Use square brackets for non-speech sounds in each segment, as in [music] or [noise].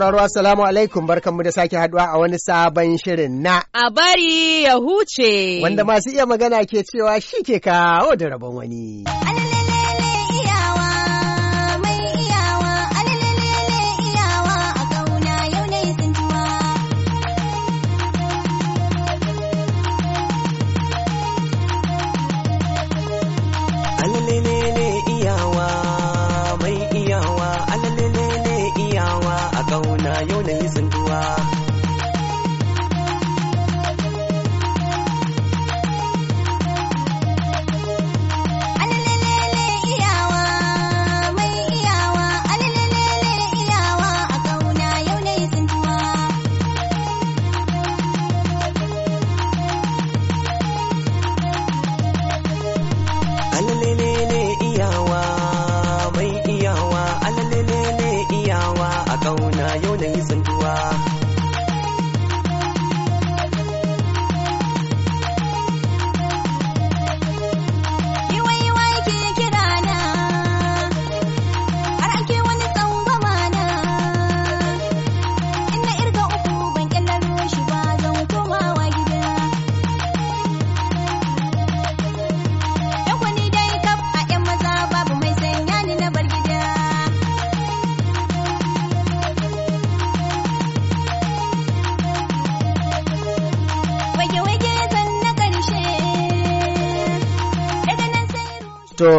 sauraro assalamu alaikum barkanmu da sake haduwa a wani sabon shirin na a bari ya huce wanda masu iya magana ke cewa shi ke kawo da rabon wani.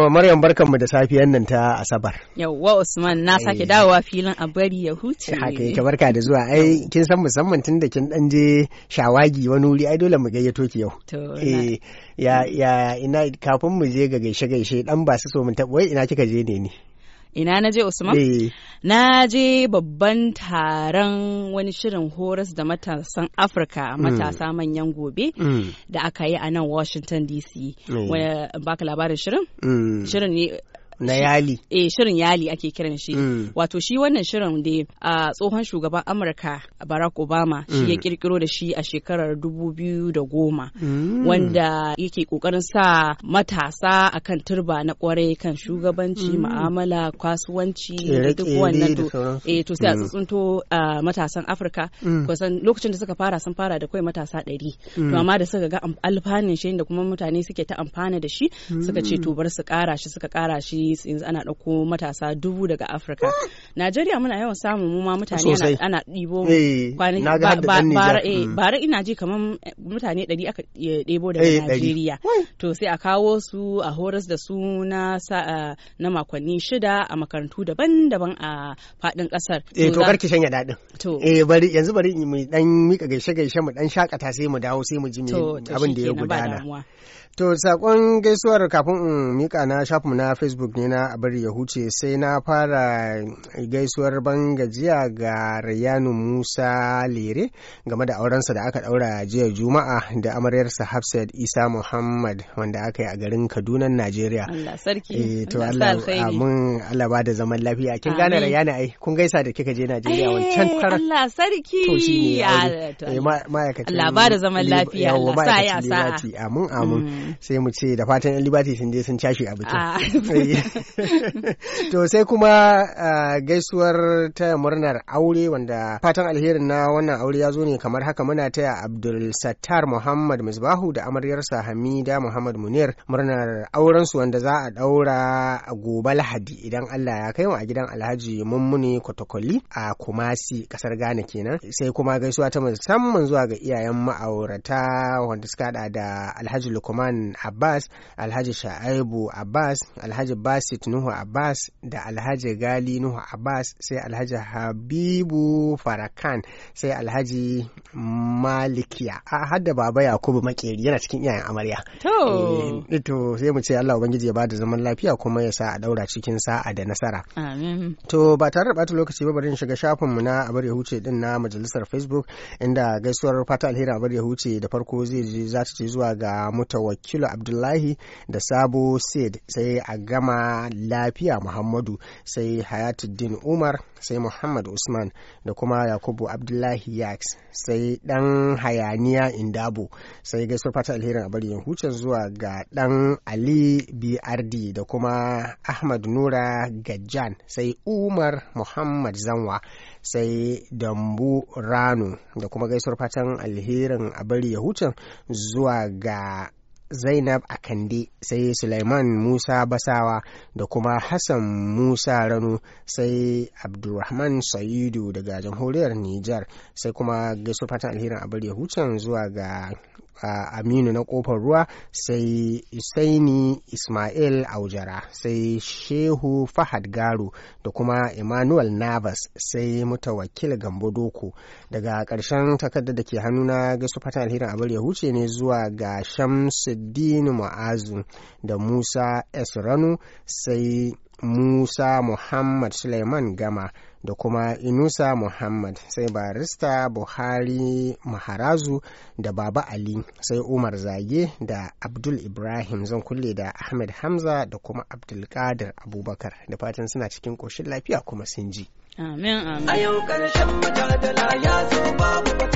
malama maryam barkanmu da safiyan nan ta asabar yawwa usman na sake eh. dawowa filin a bari ya huce eh, haka yake barka da zuwa ai kin san musamman tun da kin dan je shawagi wani wuri ai dole mu gayyato ki yau eh ya ya ina kafin mu je ga gaishe gaishe dan ba su so mun tabo ina kika je ne ni ina na je usman eh. na je babban taron wani shirin horas da matasan afirka mm. matasa manyan gobe mm. da aka yi a nan washington dc eh. baka labarin shirin mm. shirin ne na yali eh shirin yali ake kiran shi mm. wato shi wannan shirin da a tsohon shugaban Amurka Barack Obama shi mm. ya kirkiro da shi a shekarar dubu biyu mm. wanda yake kokarin sa matasa akan turba na kwarai kan shugabanci mu'amala kasuwanci da duk wannan to eh to sai a tsuntsunto matasan Afirka kusan lokacin da suka fara sun fara da kai matasa ɗari to amma da suka ga alfanun shi da kuma mutane suke ta amfana da shi suka ce to bar su kara shi suka kara shi yanzu ana ɗauko matasa dubu daga Afirka Najeriya muna yawan samun mu ma mutane ana ɗibo eh, eh, mm. bara ina ji kamar eh, mutane ɗari aka ɗebo daga Najeriya to sai a kawo su a horas da su na na makonni shida a makarantu daban-daban a faɗin ƙasar. Eh to karki shanya daɗin. To eh bari yanzu bari mu dan mika gaishe-gaishe mu dan shakata sai mu dawo sai mu ji abin da ya gudana. To sakon gaisuwar kafin in mika na shafinmu na Facebook ne na abar ya huce sai na fara gaisuwar ban gajiya ga Rayanu Musa Lere game da aurensa da aka daura jiya Juma'a da amaryarsa Hafsat Isa Muhammad wanda aka yi a garin Kaduna Najeriya. Allah sarki. Eh to Allah amin Allah ba da zaman lafiya. Kin gane Rayanu ai kun gaisa da kika je Najeriya eh, wancan karan. Allah sarki. To shi ne ai eh, ma'aikacin. Allah ba da zaman lafiya Allah sa ya sa. Amin amin mm. sai mu ce da fatan yan libati sun je sun cashe a bikin. Ah. [laughs] Eh. [laughs] To sai kuma ah, gaisuwar taya murnar aure wanda fatan alherin na wannan aure ya zo ne kamar haka muna taya Abdul Sattar Muhammad Misbahu da amaryarsa Hamida Muhammad Munir murnar aurensu wanda za a daura a gobe Lahadi idan Allah ya kai mu a gidan Alhaji Mummuni Kotokoli a Kumasi kasar Ghana kenan sai kuma gaisuwa ta musamman zuwa ga iyayen ma'aurata wanda suka hada da Alhaji Lukman Abbas Alhaji Sha'aibu Abbas Alhaji Basit Nuhu Abbas da Alhaji Gali Nuhu Abbas abbas sai alhaji habibu farakan sai alhaji malikiya a hadda baba yakubu makeri yana cikin iyayen amarya to eh, sai mu ce allah ubangiji ya bada zaman lafiya kuma ya sa a daura cikin sa'a da nasara to ba tare da bata lokaci ba bari in shiga shafinmu na abar ya huce din na majalisar facebook inda gaisuwar fata alheri abar ya huce da farko zai je za ta ce zuwa ga mutawakkilu abdullahi da sabo said sai a gama lafiya muhammadu sai hayatuddin bin umar sai muhammad usman da kuma yakubu abdullahi yaks sai dan hayaniya indabo sai gaisu fata alherin abari ya huce zuwa ga dan ali brd da kuma ahmad nura Gajan sai umar muhammad zanwa sai dambu rano da kuma gaisuwar fatan alherin bari ya hucin zuwa ga zainab akande sai sulaiman musa basawa da kuma hassan musa rano sai abdulrahman sayidu daga jamhuriyar ni'jar sai kuma gaisu fatan alherin abar yahucan zuwa ga aminu na kofar ruwa sai isaini ismail aujara sai shehu fahad garu da kuma emmanuel navas sai mutawakil gambo doko daga ƙarshen takardar da ke hannuna ga su fatan alherin abar ya huce ne zuwa ga shamsuddin mu'azu da musa s ranu sai Musa Muhammad Suleiman Gama da kuma Inusa Muhammad sai barista Buhari Maharazu da Baba Ali sai Umar Zage da Abdul Ibrahim zan kulle da Ahmed Hamza da kuma Abdulkadir Abubakar da fatan suna cikin ƙoshin lafiya kuma sun ji. Amin amin. A yau ya zo babu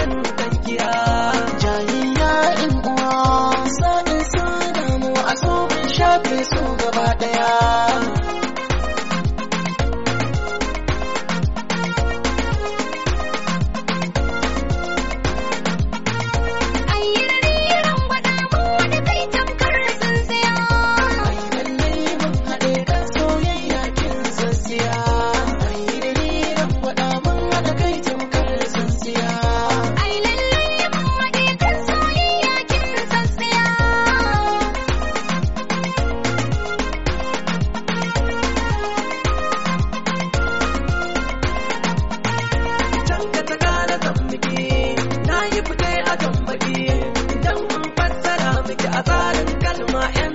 kalma yan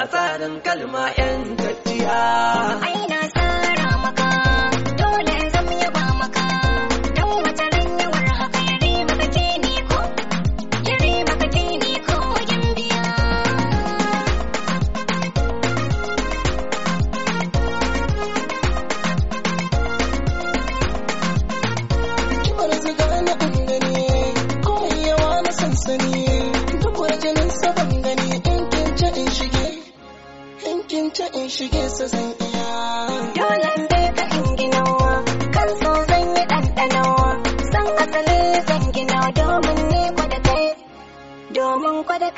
a tsarin kalma yan tacciya. Ah. Aina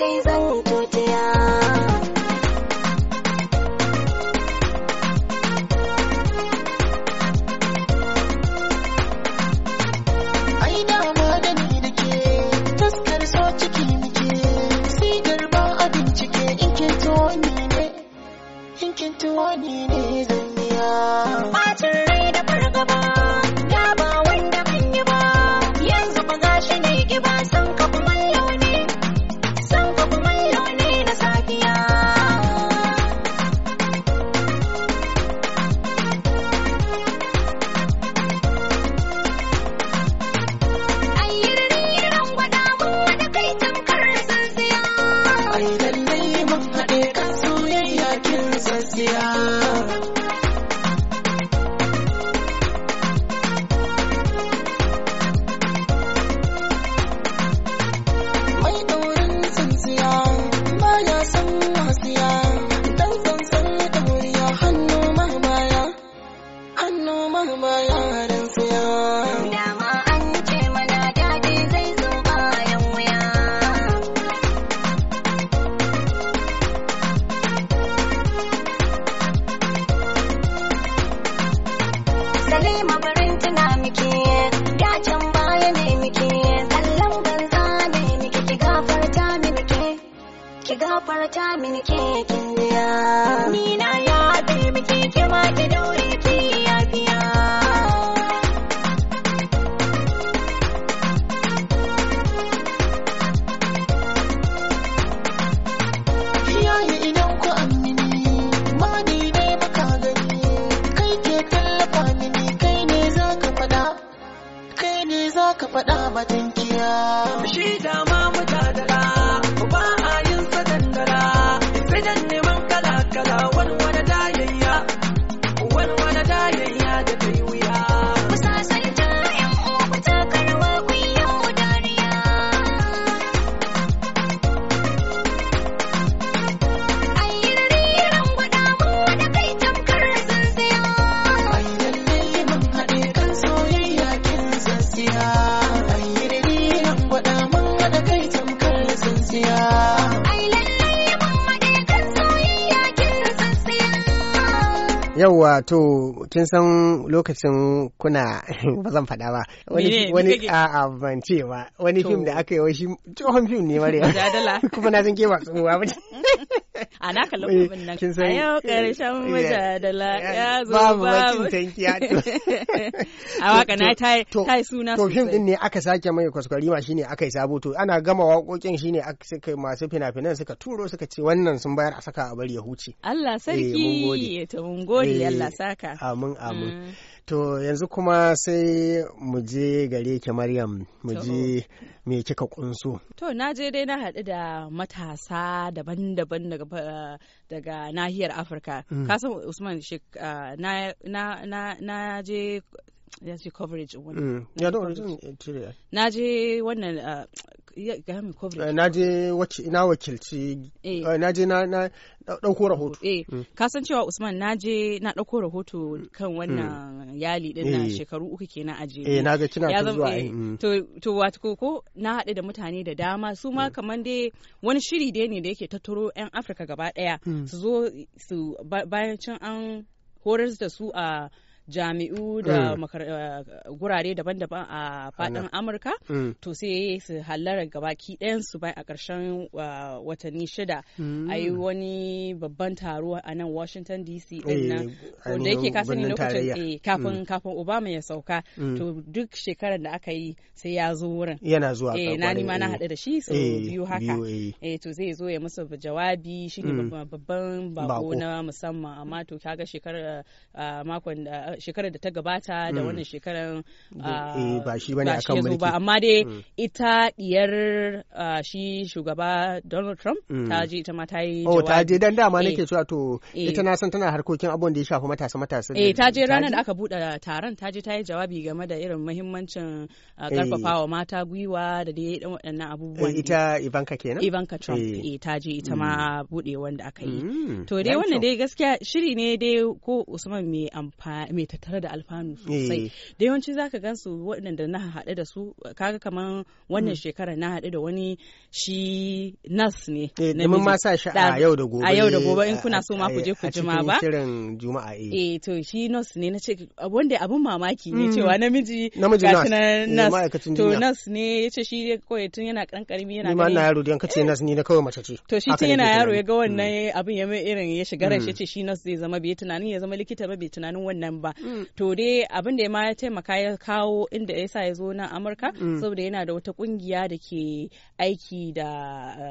kai zan yawwa to kin san lokacin kuna [laughs] ba zan faɗa ba wani a ban ce ba wani fim da aka yi wa shi tsohon fim ne mare [laughs] kuma na san ke ba tsohuwa ba [laughs] [laughs] a na kallon abin nan a yau karshen [laughs] eh, eh, mujadala eh, ya zo babu bakin tankiya [laughs] a waka na ta yi suna to fim din ne aka sake mai kwaskwari ma shine aka yi sabo to ana gama waƙoƙin shine suka masu fina-finan suka turo suka ce wannan sun bayar a saka a bari ya huce Allah sarki to mun gode Allah saka amin amin mm. To yanzu kuma sai mu je gare ki Maryam mu je me kika kunso. To na je dai na haɗu da matasa daban-daban daga eh, nahiyar Afirka. Mm. Kasan Usman eh, na je mm. ya coverage wani. Ya da Na je wannan eh, gami coverage eh, na je wacce ina wakilci eh. Eh, na je na dauko rahoto eh mm. ka san cewa Usman na je na dauko rahoto kan wannan mm. yali din na shekaru uku kenan a jere eh na ga kina ta zuwa mm. to to wato koko na haɗu da mutane da dama su ma kamar dai wani shiri dai ne da yake tattaro yan Afirka gaba daya su zo su bayan cin an horar da su a uh, jami'u mm. da eh, gurare daban-daban a faɗin amurka mm. to sai su hallara gabaki su bai a ƙarshen eh, watanni shida mm. a yi wani babban taro a nan washington dc ɗin eh, wanda yake kasani lokacin kafin obama ya sauka to duk shekarar da aka yi sai ya zo wurin yana zuwa eh na nima na haɗu da shi su biyu haka eh to zai zo ya musu jawabi ne babban bako na musamman amma to kaga shekarar makon da shekarar da ta gabata da mm. wannan shekarar ah, eh, ba shi bane akan mulki ba amma dai mm. ita diyar ah, shi shugaba Donald Trump mm. ta je ita ma ta yi jawabi oh ta je dan dama nake so eh. to eh. ita na san tana harkokin abun da ya shafi matasa matasa eh ta je ranar da aka bude taron ta je ta yi jawabi game da irin muhimmancin karfafawa ah, mata gwiwa da dai waɗannan abubuwan ita Ivanka kenan Ivanka Trump eh ta je ita ma bude wanda aka yi to dai wannan dai gaskiya shiri ne dai ko Usman mai amfani mai tattare da alfanu sosai eh. da yawanci zaka gansu waɗanda na haɗu da su kaga kamar wannan mm. shekara na haɗu da wani shi nas ne eh, na ma sa shi a yau da gobe a yau da gobe in kuna so ma ku je ku jima ba a cikin juma'a eh. eh to shi nas ne na ce wanda abun mamaki ne mm. cewa namiji namiji nas to nas ne ya ce shi kawai tun yana kankarmi yana ni na yaro ka ce nas ni na kawai mace ce to shi tun yana yaro ya ga mm. wannan abin ya mai irin ya shiga ran shi ce shi nas zai zama bai tunanin ya zama likita ba bai tunanin wannan ba Mm. to dai abin da ya ma ya taimaka ya kawo inda ya sa ya zo nan amurka mm. saboda yana da wata kungiya da ke aiki da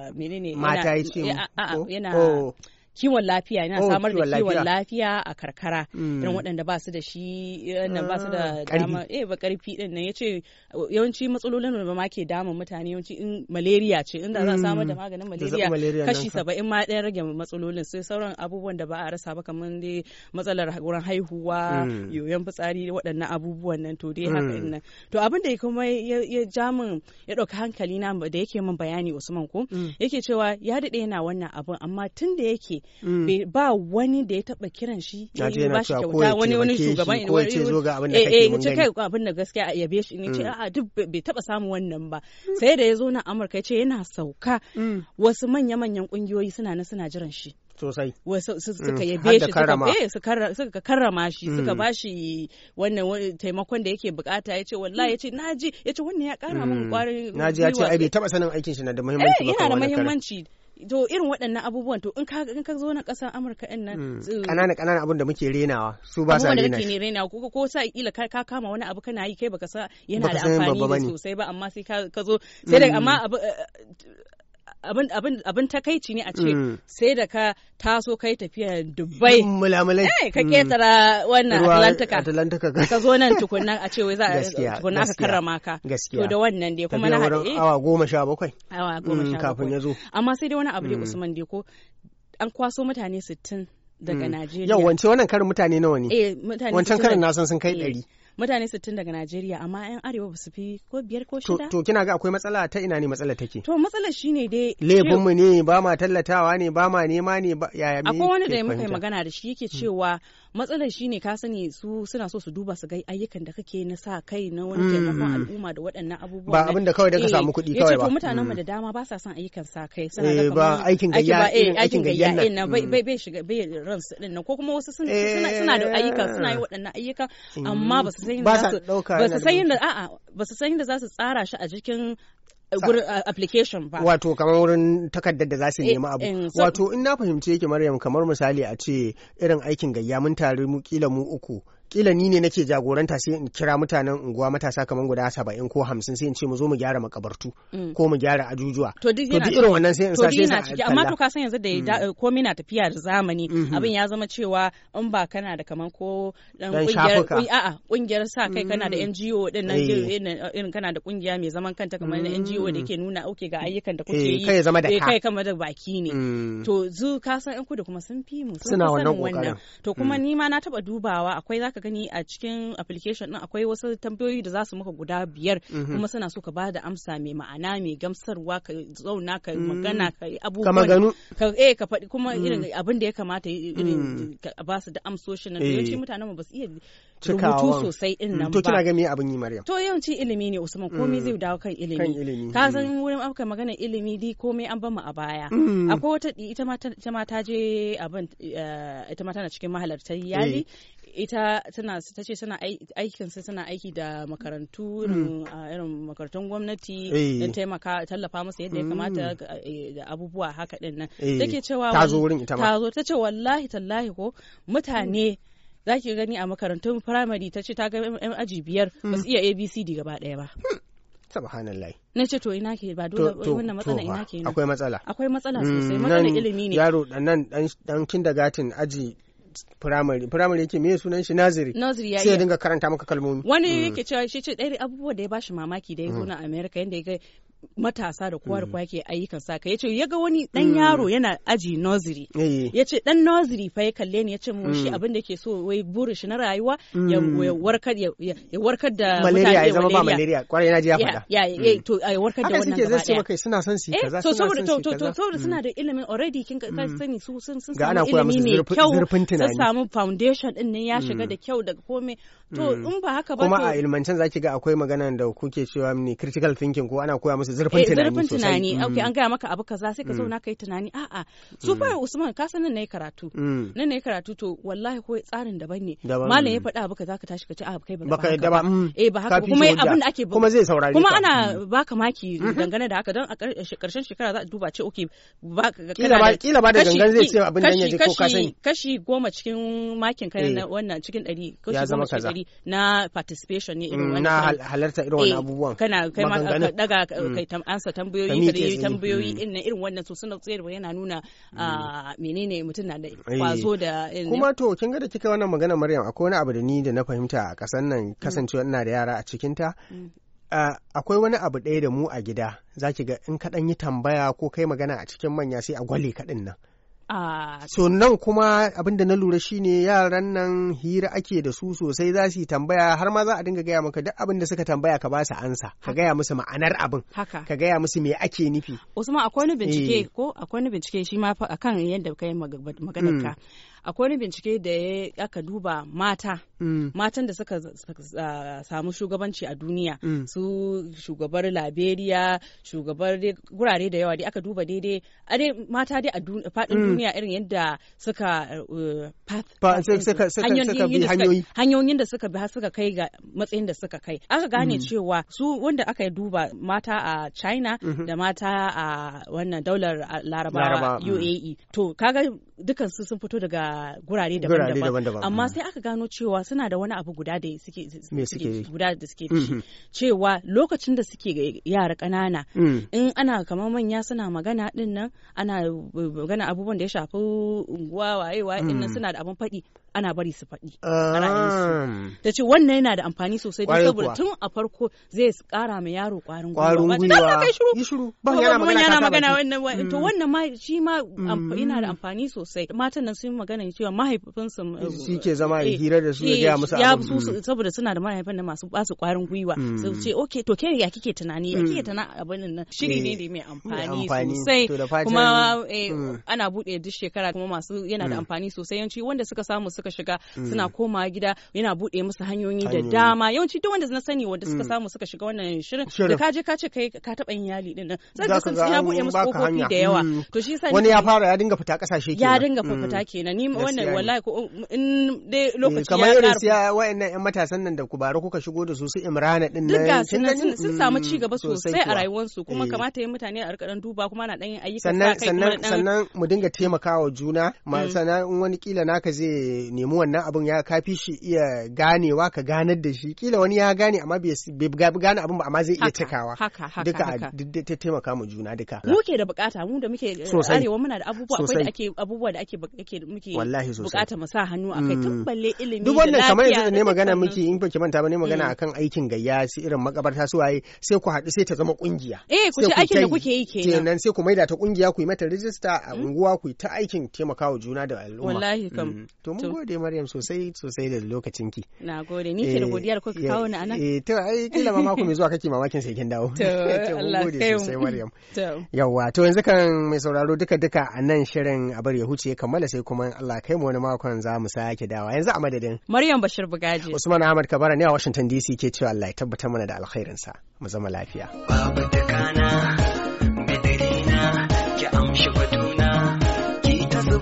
eh, menene mata ya ce yana kiwon lafiya yana oh, samar da kiwon lafiya a karkara mm. irin waɗanda ba su da shi nan ba su da ah, dama eh ba karfi din nan yace yawanci matsalolin da ma ke damun mutane yawanci in malaria ce inda za a mm. samar da maganin malaria kashi 70 ma ɗaya rage matsalolin sai sauran abubuwan da ba a rasa ba kamar dai matsalar wurin haihuwa mm. yoyon fitsari waɗannan abubuwan nan to dai haka nan to abin da kuma ya ja min ya ɗauki hankali na da yake min bayani Usman ko yake cewa ya daɗe yana wannan abun amma tun da yake Mm. ba wani da ya taba kiran shi ya yi ba shi kyauta wani wani shugaban ko ya ce zo ga abin da eh, kake eh, mun gani eh kai abin da gaskiya a yabe shi ne ce mm. a'a duk bai taba samu wannan ba sai da ya zo na Amurka ya ce yana sauka mm. wasu manya manyan kungiyoyi suna na suna jiran shi sosai wasu suka yabe shi suka karrama eh, shi suka ba shi wannan taimakon da yake bukata ya ce wallahi ya ce naji ya ce wannan ya kara min kwarin naji ya ce ai bai taba sanin aikin shi na da muhimmanci ba yana da muhimmanci to irin waɗannan abubuwan to in ka in ka zo na ƙasar Amurka ɗin nan hmm. ƙananan ƙananan abin da muke renawa su ba sa rena shi renawa ko ko sa kila ka kama wani abu kana yi kai baka sa yana da amfani sosai ba amma sai ka zo sai da hmm. amma eh, abin takaici ne a ce mm. sai da ka taso kai tafiya Dubai mm, mulamulai eh ka ketara mm. wannan Atlantika Atlantika ka zo nan tukunna a ce wai za tukunna ka karrama ka to da wannan dai kuma na haɗe awa goma sha bakwai awa goma sha kafin ya zo amma sai dai wani abu dai Usman dai ko an kwaso mutane sittin daga Najeriya yau wance wannan karin mutane nawa ne eh, wancan karin na san sun kai ɗari eh. mutane sittin daga Najeriya amma yan arewa ba su fi ko biyar ko shida to kina ga akwai matsala ta ina ne matsala take to matsalar shine dai lebin mu ne ba ma tallatawa ne ba ma nema ne yaya me akwai wani da ya muka magana da shi yake mm. cewa matsalar shine ka sani su suna so su duba su ga ayyukan da kake na sa kai na wani mm. taimakon al'umma da waɗannan abubuwa ba abin da kawai da ka eh, samu kuɗi kawai ba mutanen mu da mm. dama ba sa son ayyukan sa kai suna eh, da ba aikin gayya eh, aikin gayya na mm. bai bai shiga bai su din ko kuma wasu suna suna da ayyuka suna yi waɗannan ayyuka amma ba su san yadda ba su san yadda a'a ba su san yadda za su tsara shi a cikin gurin application ba wato kamar wurin takardar da za su eh, nema abu eh, wato in na fahimci yake Maryam kamar misali a ce irin aikin gayya mun tare mu kila mu uku kila ni ne nake jagoranta sai in kira mutanen unguwa matasa kamar guda saba'in ko hamsin sai in ce mu zo mu gyara makabartu mm. ko mu gyara ajujuwa to duk irin wannan sai in sa sai ciki amma to ka san yanzu da mm. eh, komai na tafiya da zamani mm-hmm. abin ya zama cewa in ba kana da kamar ko dan kungiyar a'a kungiyar sa kai kana da mm. NGO din nan eh. irin kana da kungiya mai zaman kanta kamar na NGO da ke nuna auke ga ayyukan da kuke eh, yi kai zama da kai kamar da baki ne to zu ka san ku da kuma sun fi mu suna wannan to kuma ni ma na taba dubawa akwai zaka gani a cikin application din akwai wasu tambayoyi da za su maka guda biyar mhm. kuma suna so ka bada amsa mai ma'ana mai gamsarwa ka zauna ka mm. magana ka yi abubuwan ka eh ka faɗi kuma mm. irin abin da ya kamata irin mm. ka ba su da amsoshin nan eh. yawanci mutanen ba su iya rubutu sosai din nan ba to kina ga me abin yi Maryam to yawanci ilimi ne Usman komai zai dawo kan ilimi ka san wurin aka magana ilimi di komai an bamu a baya akwai wata ita ma ta je abin eh, ita ma tana cikin mahalartar iyali eh. ita tana ta ce suna aikin su suna aiki da makarantu hmm. irin makarantun gwamnati eh. don taimaka tallafa musu yadda ya hmm. kamata eh, da abubuwa haka din nan eh. take cewa ta zo wurin ita ma ta zo ta ce wallahi tallahi ko mutane hmm. za ki gani a makarantun firamare ta ce ta ga yan aji biyar ba su iya abcd gaba ɗaya ba na ce to ina ke ba dole wannan matsala ina ke akwai matsala akwai matsala sosai matsalar ilimi ne yaro nan dan kindergarten aji primary primary yake meye sunan shi naziri naziri sai ya dinga karanta maka kalmomi wani mm. yake cewa shi ce ɗaya abubuwa da ya bashi mamaki da ya zo mm. na america yanda ya ga matasa da kowa da mm. kowa ke ayyukan sa ya ce ya ga wani dan mm. yaro yana aji nursery eh. ya ce dan nursery fa ya kalle ni ya ce mun shi mm. abin da ke so wai burin shi na rayuwa ya warkar ya warkar da malaria ya zama ba malaria kwarai yana ji ya faɗa ya ya to ya warkar da wannan gaba ɗaya kai suna son su eh, kaza to to to to suna da ilimin already kin ka sani su sun sun samu ilimi mai kyau sun samu foundation din nan ya shiga da kyau daga komai to in ba haka ba kuma a ilmancen zaki ga akwai magana da kuke cewa mini critical thinking ko ana koya musu Eh, zurfin tunani zurfin tunani mm. ok an gaya maka abu kaza sai ka mm. zauna kai tunani a'a su mm. fara Usman ka san nan nayi karatu nan nayi karatu to wallahi ko tsarin daban ne malam ya faɗa abu kaza ka tashi ka ce a kai ba ka ba eh ba haka kuma abin da ake kuma zai saurare kuma ana baka maki mm-hmm. dangane da haka don a karshen shekara za a duba ce ok ba kila ba da gangan zai ce abin da yake ko ka sani kashi goma cikin makin kai eh. na wannan cikin ɗari Ya zama kaza. na participation ne irin wannan na halarta irin eh, wannan abubuwan kana kai ma daga kai ansa tambayoyi da yi tambayoyi mm. irin wannan su suna tsayarwa yana nuna mm. ah, menene mutum na da kwazo eh. da eh, kuma to kin ga da kika wannan magana Maryam akwai wani abu da ni da na fahimta a kasan nan mm. kasancewa ina da yara a cikin ta ah, akwai wani abu ɗaya da mu a gida zaki ga in kaɗan yi tambaya ko kai magana a cikin manya sai a gwale kaɗin nan Ah, so nan kuma abin da na lura shine yaran nan hira ake da su sosai za su yi tambaya har ma za a dinga gaya maka duk abin da suka tambaya ka ba su ansa ka gaya musu ma'anar abin ka gaya musu me ake nufi Usman akwai wani bincike eh. ko akwai wani bincike shi ma akan yadda kai maganar ka akwai wani bincike da aka duba mata mm. matan da suka ah, samu shugabanci a duniya mm. su shugabar liberia shugabar gurare da yawa dai aka duba daidai mata dai a faɗin mm. duniya irin yadda suka hanyoyin da suka bi suka kai ga matsayin da suka kai aka gane cewa su wanda aka duba mata a china mm-hmm. da mata a wannan daular ah, larabawa uae to kaga dukansu sun fito daga gurare daban-daban amma mm. sai aka gano cewa suna da wani abu guda da suke guda da suke shi mm-hmm. cewa lokacin da suke yara ƙanana mm. in ana kamar manya suna magana din ana eh, magana abubuwan da ya shafi unguwa waye mm. suna da abun faɗi ana bari su faɗi ah. ta ce wannan yana da amfani sosai don saboda tun a farko zai ƙara ma yaro ƙwarin gwiwa ba kai shiru ba yana magana yana magana wannan to mm. wannan ma shi ma mm. yana da amfani sosai matan nan sun magana cewa mahaifinsu shi um, ke zama ya eh, hira da su ya eh, gaya musu ya saboda suna da mahaifan da masu basu ƙwarin gwiwa mm. su ce okay to ke ya kike tunani ya kike tana abin nan shiri ne eh. da mai amfani sosai kuma ana buɗe duk shekara kuma masu yana da amfani sosai yanci wanda suka samu suka shiga mm. suna komawa gida yana buɗe musu hanyoyi da dama yawanci duk wanda na sani wanda suka mm. samu suka shiga wannan shirin da ka je ka ce kai ka taɓa yin yali din nan sai ka san ya bude musu kofofi da yawa mm. to shi yasa wani ya fara ya dinga fita kasashe kenan ya dinga fita kenan ni wannan wallahi in dai eh, lokaci ya kamar irin siya wayannan yan matasan nan da kubara kuka shigo da su su imrana din nan sun samu ci gaba sosai a rayuwarsu kuma eh. kamata yin mutane a rika dan duba kuma na dan yin ayyuka sannan sannan sannan mu dinga taimakawa juna ma sannan wani kila naka zai nemi wannan abin ya kafi shi iya ganewa ka ganar da shi kila wani ya gane amma bai gane abin ba amma zai iya cikawa duka ta taimaka mu juna duka mu ke da bukata mu da muke eh, arewa muna da abubuwa akwai da ake abubuwa da ake muke bukata mu sa hannu akai tun mm. balle ilimi duk wannan kamar yanzu ne magana miki in baki manta ba ne magana mm. akan aikin gayya su irin makabarta su waye sai ku haɗu sai ta zama kungiya eh ku ci aikin da kuke yi kenan sai ku maida ta kungiya ku yi mata rijista a mm. unguwa ku yi ta aikin taimakawa juna da al'umma wallahi kam to mun gode Maryam sosai sosai da lokacin ki. Na gode ni ke da eh, godiyar ko ka kawo ni anan. Eh to ai kila ma mako mai zuwa kake mamakin sai kin dawo. To [laughs] Allah gode sosai Maryam. Yawwa to yanzu kan mai sauraro duka duka a nan shirin a bar ya huce kammala sai kuma Allah kai mu wani makon za mu sake dawa yanzu a madadin. Maryam Bashir Bugaji. Usman Ahmad Kabara ne a Washington DC ke cewa Allah ya tabbatar mana da alkhairinsa mu zama lafiya. Babu takana.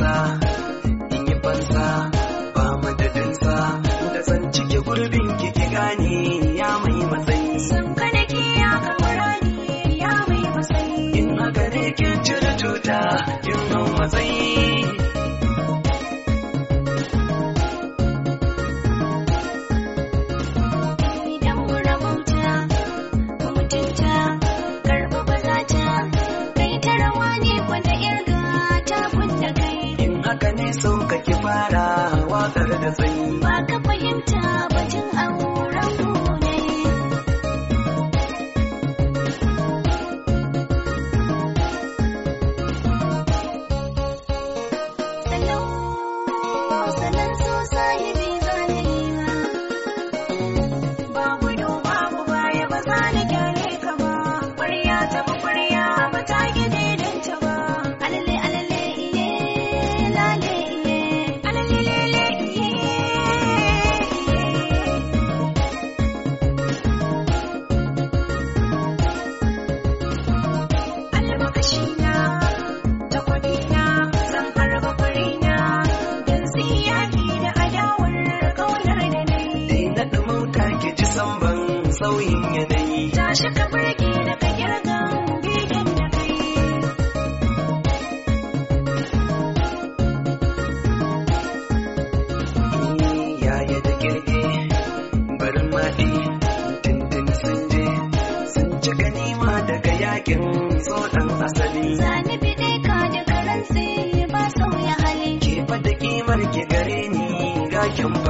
casa.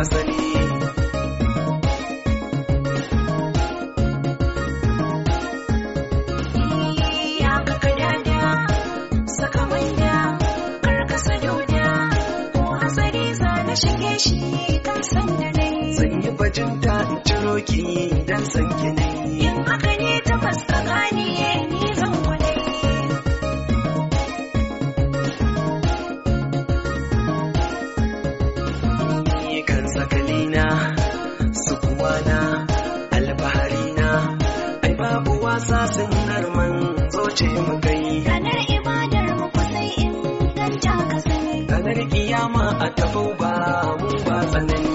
pasa wasa sunnar manzo ce mu kai ranar ibadar mu kusai in ganta ka sani ranar kiyama a tafau ba mu ba tsanani